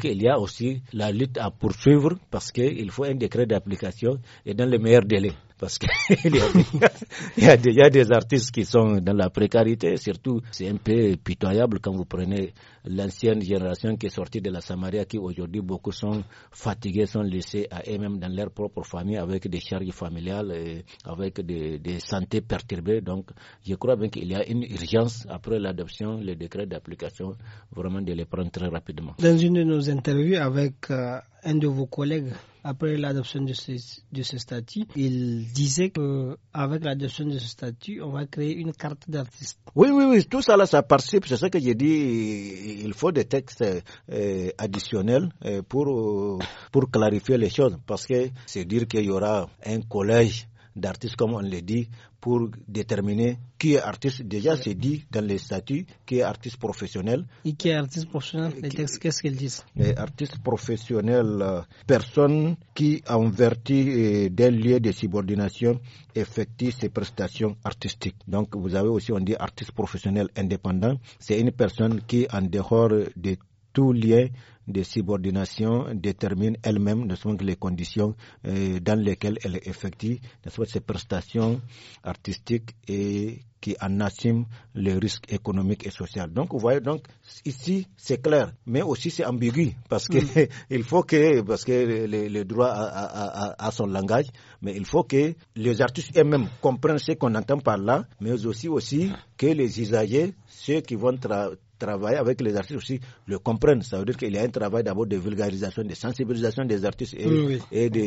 qu'il y a aussi la lutte à poursuivre parce qu'il faut un décret d'application et dans le meilleur délai parce qu'il y, y, a des artistes qui sont dans la précarité, surtout c'est un peu pitoyable quand vous prenez l'ancienne génération qui est sortie de la Samaria, qui aujourd'hui beaucoup sont fatigués, sont laissés à eux-mêmes dans leur propre famille avec des charges familiales, avec des, santé perturbées. Donc je crois bien qu'il y a une urgence après l'adoption, le décret d'application, vraiment de les prendre très rapidement. Dans une de nos interviews avec euh, un de vos collègues, après l'adoption de ce, de ce statut, il disait qu'avec l'adoption de ce statut, on va créer une carte d'artiste. Oui, oui, oui, tout ça ça participe. C'est ça que j'ai dit. Il faut des textes euh, additionnels euh, pour, euh, pour clarifier les choses parce que c'est dire qu'il y aura un collège d'artistes, comme on le dit, pour déterminer qui est artiste. Déjà, c'est dit dans les statuts qui est artiste professionnel. Et qui est artiste professionnel qu'est-ce qu'ils disent Les artistes professionnels, euh, personne qui, en vertu euh, d'un lieu de subordination, effectue ses prestations artistiques. Donc, vous avez aussi, on dit artiste professionnel indépendant. C'est une personne qui, en dehors de tout lien de subordination détermine elle-même les conditions euh, dans lesquelles elle effectue ces prestations artistiques et qui en assument les risques économiques et sociaux. Donc, vous voyez, donc, ici, c'est clair, mais aussi c'est ambigu, parce que mm. il faut que, parce que le, droit a, son langage, mais il faut que les artistes eux-mêmes comprennent ce qu'on entend par là, mais aussi, aussi, mm. que les usagers, ceux qui vont travailler, travailler avec les artistes aussi le comprennent. Ça veut dire qu'il y a un travail d'abord de vulgarisation, de sensibilisation des artistes et, de,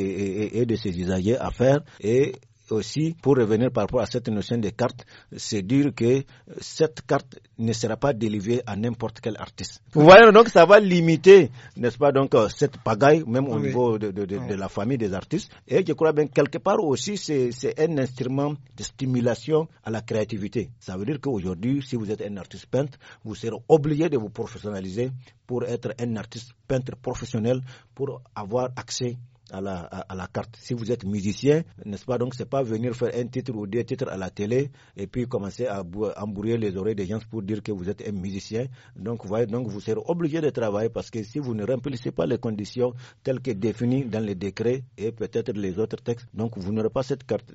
et, de ses usagers à faire. Et aussi, pour revenir par rapport à cette notion de carte, c'est dire que cette carte ne sera pas délivrée à n'importe quel artiste. Vous voyez, donc ça va limiter, n'est-ce pas, donc euh, cette pagaille, même au niveau de, de, la famille des artistes. Et je crois bien quelque part aussi, c'est un instrument de stimulation à la créativité. Ça veut dire qu'aujourd'hui, si vous êtes un artiste peintre, vous serez obligé de vous professionnaliser pour être un artiste peintre professionnel, pour avoir accès à la, carte. Si vous êtes musicien, n'est-ce pas, donc c'est pas venir faire un titre ou deux titres à la télé et puis commencer à embrouiller les oreilles des gens pour dire que vous êtes un musicien. Donc, vous voyez, donc vous serez obligé de travailler parce que si vous ne remplissez pas les conditions telles que définies dans les décrets et peut-être les autres textes, donc vous n'aurez pas cette carte.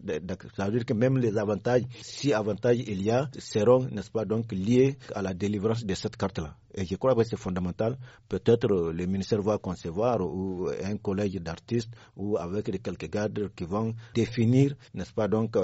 Ça veut dire que même les avantages, si avantages il y a, seront, n'est-ce pas, donc liés à la délivrance de cette carte-là. Et je crois que c'est fondamental. Peut-être euh, le ministère va concevoir ou un collège d'artistes ou avec quelques gardes qui vont définir, n'est-ce pas, donc, euh,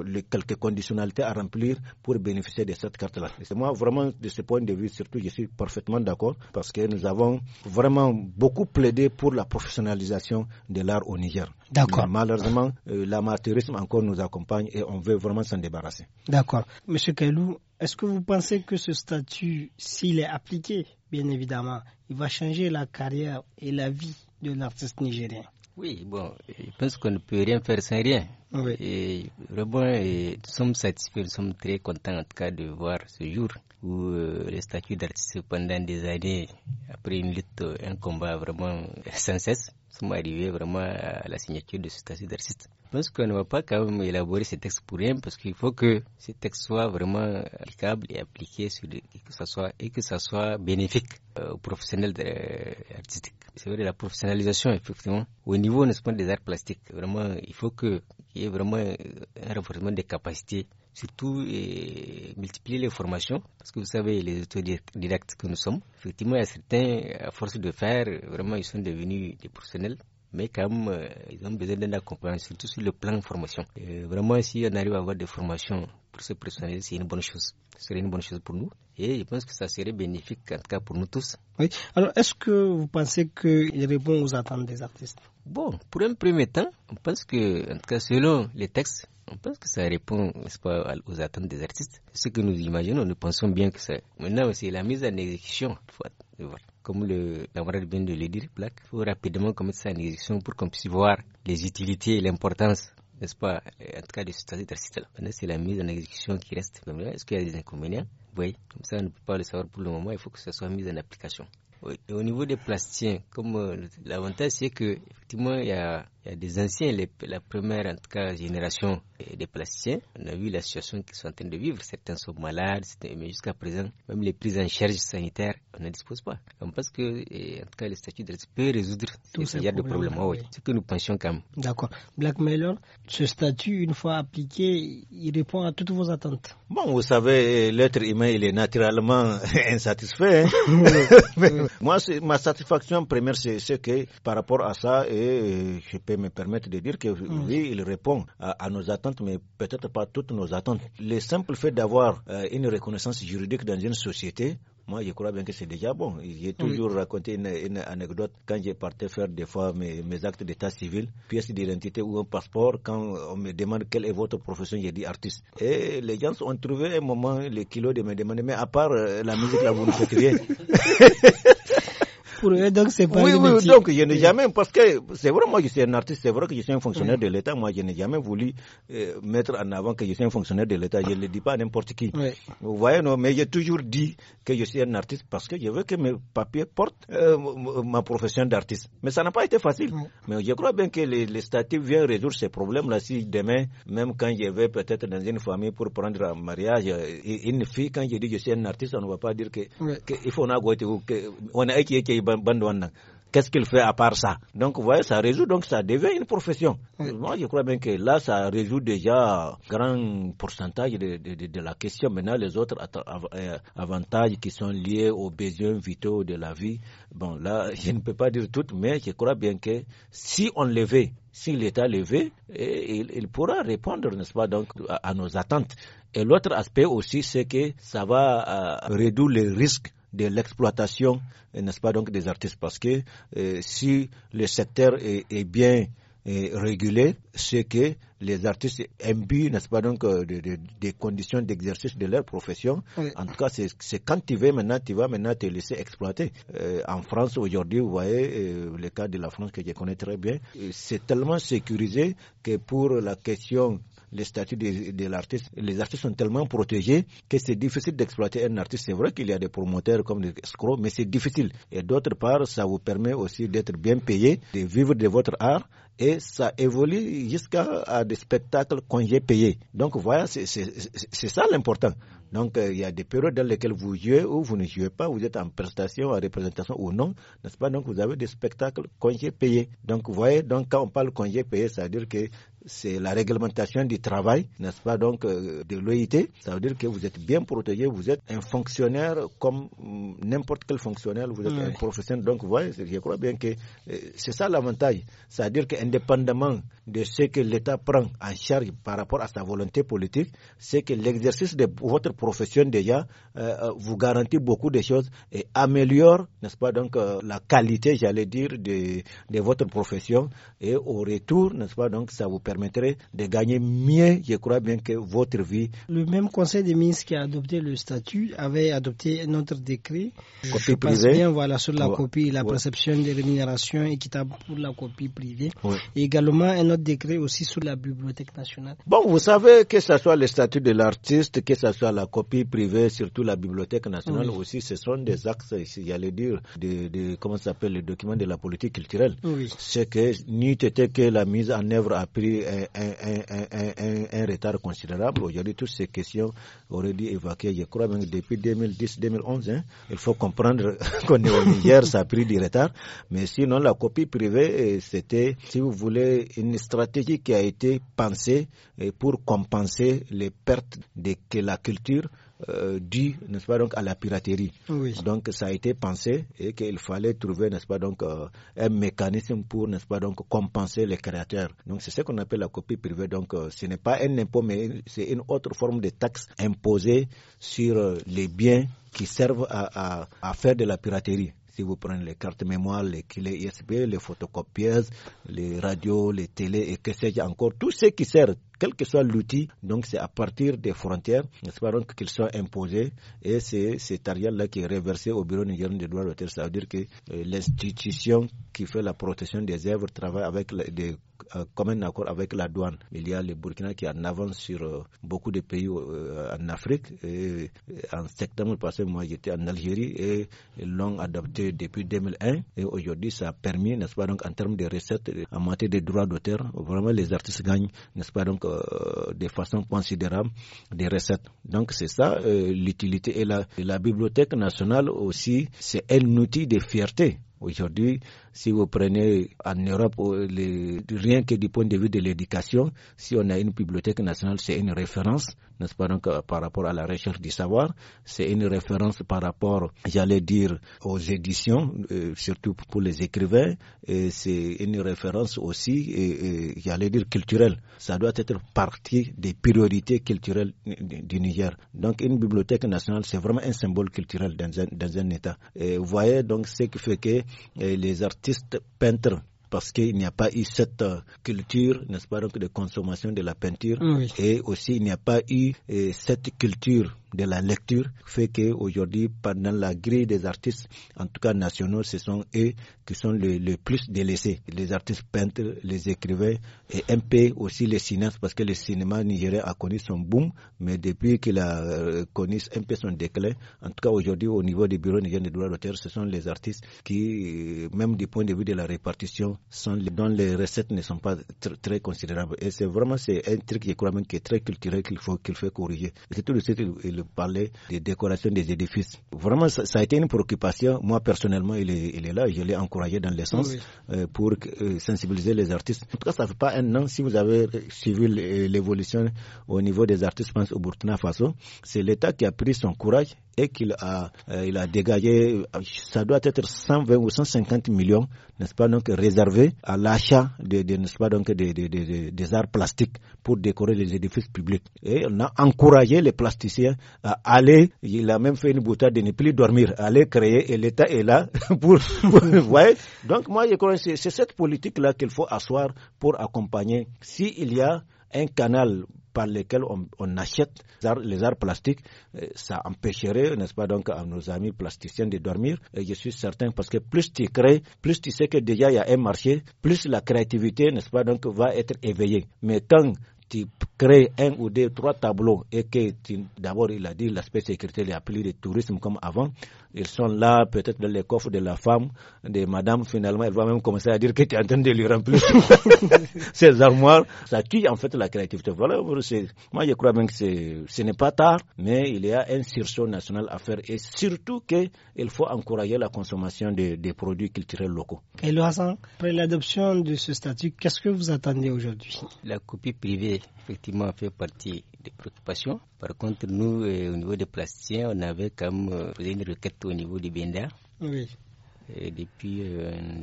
euh, les quelques conditionnalités à remplir pour bénéficier de cette carte-là. Moi, vraiment, de ce point de vue, surtout, je suis parfaitement d'accord parce que nous avons vraiment beaucoup plaidé pour la professionnalisation de l'art au Niger. D'accord. Malheureusement, euh, l'amateurisme encore nous accompagne et on veut vraiment s'en débarrasser. D'accord. Monsieur Kailou, est-ce que vous pensez que ce statut, s'il est appliqué, bien évidemment, il va changer la carrière et la vie de l'artiste nigérien Oui, bon, je pense qu'on ne peut rien faire sans rien. Ah oui. Et vraiment, et nous sommes satisfaits, nous sommes très contents en tout cas de voir ce jour où euh, les le statut d'artiste pendant des années, après une lutte, euh, un combat vraiment sans cesse, sommes arrivés vraiment à la signature de ce statut d'artiste. Je pense qu'on ne va pas quand même élaborer ces textes pour rien parce qu'il faut que ces textes soient vraiment applicables et appliqués sur et, que ça soit, et que ça soit bénéfique euh, aux professionnels de, artistiques. C'est vrai, la professionnalisation, effectivement, au niveau, des arts plastiques. Vraiment, il faut que y a vraiment euh, un renforcement des capacités, surtout et multiplier les formations, parce que vous savez, les directs que nous sommes, effectivement, il y a certains, à force de faire, vraiment, ils sont devenus des professionnels mais quand même, euh, ils ont besoin d'un accompagnement, surtout sur le plan formation. vraiment, si on arrive à avoir des formations pour ce professionnels, c'est une bonne chose. Ce serait une bonne chose pour nous. Et je pense que ça serait bénéfique, en tout cas, pour nous tous. Oui. Alors, est-ce que vous pensez qu'il répond aux attentes des artistes Bon, pour un premier temps, on pense que, en tout cas, selon les textes, on pense que ça répond pas, aux attentes des artistes. Ce que nous imaginons, nous pensons bien que ça. Maintenant, c'est la mise en exécution. Comme le vient de le dire, il faut rapidement commettre ça en exécution pour qu'on puisse voir les utilités et l'importance n'est-ce pas, en tout cas de cet dartiste là Maintenant, c'est la mise en exécution qui reste. Est-ce qu'il y a des inconvénients Oui, comme ça, on ne peut pas le savoir pour le moment, il faut que ça soit mis en application au niveau des plasticiens, comme euh, l'avantage c'est que effectivement il y a des anciens, la première en tout cas génération des plasticiens. On a vu la situation qu'ils sont en train de vivre. Certains sont malades, mais jusqu'à présent, même les prises en charge sanitaires, on ne dispose pas. On pense que, eh, en tout cas, le statut de peut résoudre tout ce de problèmes. C'est ah ce que nous pensions quand même. D'accord. Black ce statut, une fois appliqué, il répond à toutes vos attentes. Bon, vous savez, l'être humain, il est naturellement insatisfait. Hein. Moi, ma satisfaction première, c'est que par rapport à ça, et je peux me permettre de dire que oui, il répond euh, à, nos attentes, mais peut-être pas toutes nos attentes. Le simple fait d'avoir euh, une reconnaissance juridique dans une société moi, je crois bien que c'est déjà bon. J'ai toujours raconté une, anecdote quand j'ai parté faire des fois mes, actes d'état civil, pièce d'identité ou un passeport. Quand on me demande quelle est votre profession, j'ai dit artiste. Et les gens ont trouvé un moment les kilos de me demander, mais à part euh, la musique, là, vous ne donc c'est Oui, oui, donc je n'ai jamais, parce que c'est vrai, moi je suis un artiste, c'est vrai que je suis un fonctionnaire de l'État, moi je n'ai jamais voulu euh, mettre en avant que je suis un fonctionnaire de l'État, je ne le dis pas à n'importe qui. Vous voyez, non, mais j'ai toujours dit que je suis un artiste parce que je veux que mes papiers portent euh, ma profession d'artiste. Mais ça n'a pas été facile. Mais je crois bien que les, statuts viennent résoudre ces problèmes-là si demain, même quand je vais peut-être dans une famille pour prendre un mariage, euh, une fille, quand je dis que je suis un artiste, on ne va pas dire que, il faut on a qu'est-ce qu'il fait à part ça Donc, vous voyez, ça résout, donc ça devient une profession. Moi, je crois bien que là, ça résout déjà un grand pourcentage de, la question. Maintenant, les autres euh, avantages qui sont liés aux besoins vitaux de la vie, bon, là, je ne peux pas dire tout, mais je crois bien que si on levait, si l'État levait, il, il, pourra répondre, n'est-ce pas, donc, à, nos attentes. Et l'autre aspect aussi, c'est que ça va euh, réduire les risques de l'exploitation, euh, n'est-ce pas, donc des artistes. Parce que euh, si le secteur est, bien euh, régulé, c'est que les artistes imbuent, n'est-ce pas, donc, des conditions d'exercice de leur profession. En tout cas, c'est quand tu veux maintenant, tu vas maintenant te laisser exploiter. en France, aujourd'hui, vous voyez le cas de la France que je connais très bien. C'est tellement sécurisé que pour la question les statuts de, l'artiste. Les artistes sont tellement protégés que c'est difficile d'exploiter un artiste. C'est vrai qu'il y a des promoteurs comme des escrocs, mais c'est difficile. Et d'autre part, ça vous permet aussi d'être bien payé, de vivre de votre art et ça évolue jusqu'à des spectacles congés payés. Donc voilà, c'est ça l'important. Donc euh, il y a des périodes dans lesquelles vous jouez ou vous ne jouez pas, vous êtes en prestation, en représentation ou non, n'est-ce pas Donc vous avez des spectacles congés payés. Donc vous voyez, donc quand on parle congés payés, ça veut dire que c'est la réglementation du travail, n'est-ce pas, donc euh, de l'OIT. Ça veut dire que vous êtes bien protégé, vous êtes un fonctionnaire comme mm, n'importe quel fonctionnaire, vous êtes un professionnel. Donc, vous voyez, je crois bien que euh, c'est ça l'avantage. C'est-à-dire qu'indépendamment de ce que l'État prend en charge par rapport à sa volonté politique, c'est que l'exercice de votre profession déjà euh, vous garantit beaucoup de choses et améliore, n'est-ce pas, donc la qualité, j'allais dire, de, de votre profession. Et au retour, n'est-ce pas, donc ça vous permet permettrait de gagner mieux, je crois bien, que votre vie. Le même Conseil des ministres qui a adopté le statut avait adopté un autre décret. voilà, sur la copie, la perception des rémunérations équitables pour la copie privée. Et également un autre décret aussi sur la Bibliothèque nationale. Bon, vous savez que ce soit le statut de l'artiste, que ce soit la copie privée, surtout la Bibliothèque nationale aussi, ce sont des axes, j'allais dire, de, de comment s'appelle le document de la politique culturelle. Ce C'est que n'eût que la mise en œuvre a pris un, retard considérable. Aujourd'hui, toutes ces questions auraient dû évoquer, je crois, même depuis 2010-2011. Hein, il faut comprendre qu'on est ça a pris du retard. Mais sinon, la copie privée, euh, c'était, si vous voulez, une stratégie qui a été pensée euh, pour compenser les pertes de la culture euh, n'est-ce pas, donc à la piraterie. Oui. Donc ça a été pensé et qu'il fallait trouver, n'est-ce pas, donc euh, un mécanisme pour, n'est-ce pas, donc compenser les créateurs. Donc c'est ce qu'on appelle la copie privée. Donc euh, ce n'est pas un impôt, mais c'est une autre forme de taxe imposée sur euh, les biens qui servent à, à faire de la piraterie. Si vous prenez les cartes mémoire, les clés ISB, les photocopieuses, les radios, les télés et que sais-je encore, tout ce qui sert, quel que soit l'outil, donc c'est à partir des frontières, n'est-ce qu'ils soient imposés et c'est cet arrière-là qui est reversé au bureau nigérien des droits de d'auteur. Ça veut dire que euh, l'institution qui fait la protection des œuvres travaille avec les des comme un accord avec la douane. Il y a le Burkina qui est en avance sur euh, beaucoup de pays euh, en Afrique. en septembre passé, moi j'étais en Algérie et l'ont adopté depuis 2001. Et aujourd'hui, ça a permis, n'est-ce pas, donc en termes de recettes, en matière de droits d'auteur, vraiment les artistes gagnent, n'est-ce pas, donc euh, de façon considérable des recettes. Donc c'est ça l'utilité. Et la, la Bibliothèque nationale aussi, c'est un outil de fierté Aujourd'hui, si vous prenez en Europe, euh, rien que du point de vue de l'éducation, si on a une bibliothèque nationale, c'est une référence n'est-ce par rapport à la recherche du savoir. C'est une référence par rapport, j'allais dire, aux éditions, euh, surtout pour les écrivains. Et c'est une référence aussi, j'allais dire, culturelle. Ça doit être partie des priorités culturelles du Niger. Donc, une bibliothèque nationale, c'est vraiment un symbole culturel dans un, dans un État. vous voyez donc ce qui fait que euh, les artistes peintres parce qu'il n'y a pas eu cette euh, culture, n'est-ce pas, donc de consommation de la peinture, et aussi il n'y a pas eu euh, cette culture de la lecture fait qu'aujourd'hui, pendant la grille des artistes, en tout cas nationaux, ce sont eux qui sont les plus délaissés. Les artistes peintres, les écrivains et un peu aussi les cinéastes parce que le cinéma nigérien a connu son boom, mais depuis qu'il a euh, connu un peu son déclin, en tout cas aujourd'hui au niveau du bureau nigérien des droits d'auteur, ce sont les artistes qui, euh, même du point de vue de la répartition, sont, dont les recettes ne sont pas très considérables. Et c'est vraiment c'est un truc, je crois même, qui est très culturel qu'il faut qu'il faut corriger. c'est tout le parler des décorations des édifices. Vraiment, ça, a été une préoccupation. Moi, personnellement, il est, là. Je l'ai encouragé dans le sens euh, pour euh, sensibiliser les artistes. En tout cas, ça ne fait pas un an. Si vous avez euh, suivi l'évolution au niveau des artistes, je pense au Burkina Faso, c'est l'État qui a pris son courage et qu'il a, euh, il a dégagé, ça doit être 120 ou 150 millions, n'est-ce pas, donc réservés à l'achat de, de n'est-ce pas, donc des, des, des, des arts plastiques pour décorer les édifices publics. Et on a encouragé les plasticiens à aller, il a même fait une boutade de ne plus dormir, aller créer, et l'État est là pour, vous voyez. Donc moi, je crois que c'est cette politique-là qu'il faut asseoir pour accompagner. S'il y a un canal par lesquels on, achète les arts, plastiques, euh, ça empêcherait, n'est-ce pas, donc à nos amis plasticiens de dormir. Et je suis certain parce que plus tu crées, plus tu sais que déjà il y a un marché, plus la créativité, n'est-ce pas, donc va être éveillée. Mais tant tu crées un ou deux, trois tableaux et que d'abord, il a dit l'aspect sécurité, il n'y a plus de tourisme comme avant. Ils sont là, peut-être dans les coffres de la femme, de madame, Finalement, elle va même commencer à dire que tu es en train de lui remplir ses armoires. Ça tue en fait la créativité. Voilà, moi je crois même que ce n'est pas tard, mais il y a un sursaut national à faire et surtout qu'il faut encourager la consommation des, produits culturels locaux. Et Loisan, après l'adoption de ce statut, qu'est-ce que vous attendez aujourd'hui La copie privée, effectivement, fait partie des préoccupations. Par contre, nous, euh, au niveau des plasticiens, on avait comme euh, une requête au niveau du Benda Et depuis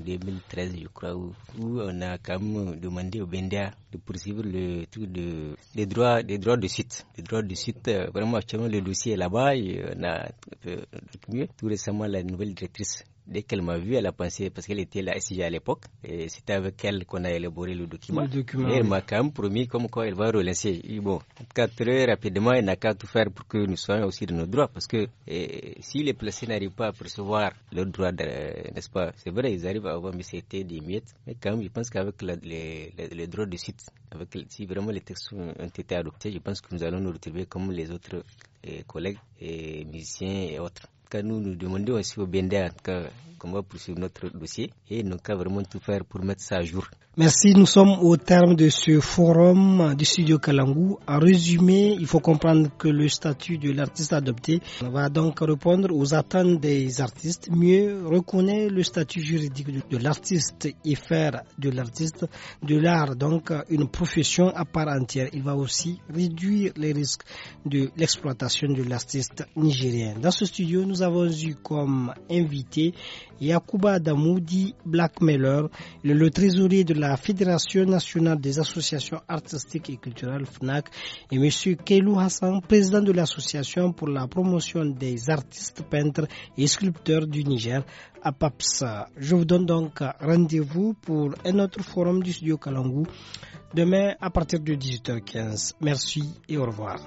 2013, euh, je crois, on a quand demandé au Benda de poursuivre le tout de, des, droits, des droits de suite. Les droits de suite, vraiment, actuellement, le dossier est là-bas et on a mieux. Tout récemment, la nouvelle directrice Dès qu'elle m'a vu, elle a pensé, parce qu'elle était là, à l'époque, et c'était avec elle qu'on a élaboré le document. et elle m'a quand même promis comme va relancer. Et bon, très rapidement, elle n'a qu'à tout faire pour que nous soyons aussi de nos droits, parce que eh, si les placés n'arrivent pas à percevoir leurs droits, n'est-ce pas C'est vrai, ils arrivent à avoir, mais des miettes, mais quand même, je pense qu'avec les, droits de site, avec, si vraiment les textes ont été adoptés, je pense que nous allons nous retrouver comme les autres eh, collègues et eh, musiciens et autres nous nous demandons aussi au BND, comment poursuivre notre dossier et nous vraiment tout faire pour mettre ça à jour. Merci, nous sommes au terme de ce forum du studio Kalangou. En résumé, il faut comprendre que le statut de l'artiste adopté va donc répondre aux attentes des artistes, mieux reconnaître le statut juridique de l'artiste et faire de l'artiste de l'art donc une profession à part entière. Il va aussi réduire les risques de l'exploitation de l'artiste nigérien. Dans ce studio, nous avons eu comme invité Yakuba Damoudi Blackmailer, le, trésorier de la Fédération nationale des associations artistiques et culturelles FNAC, et M. Kelou Hassan, président de l'association pour la promotion des artistes peintres et sculpteurs du Niger, à PAPSA. Je vous donne donc rendez-vous pour un autre forum du studio Kalangou demain à partir de 18h15. Merci et au revoir.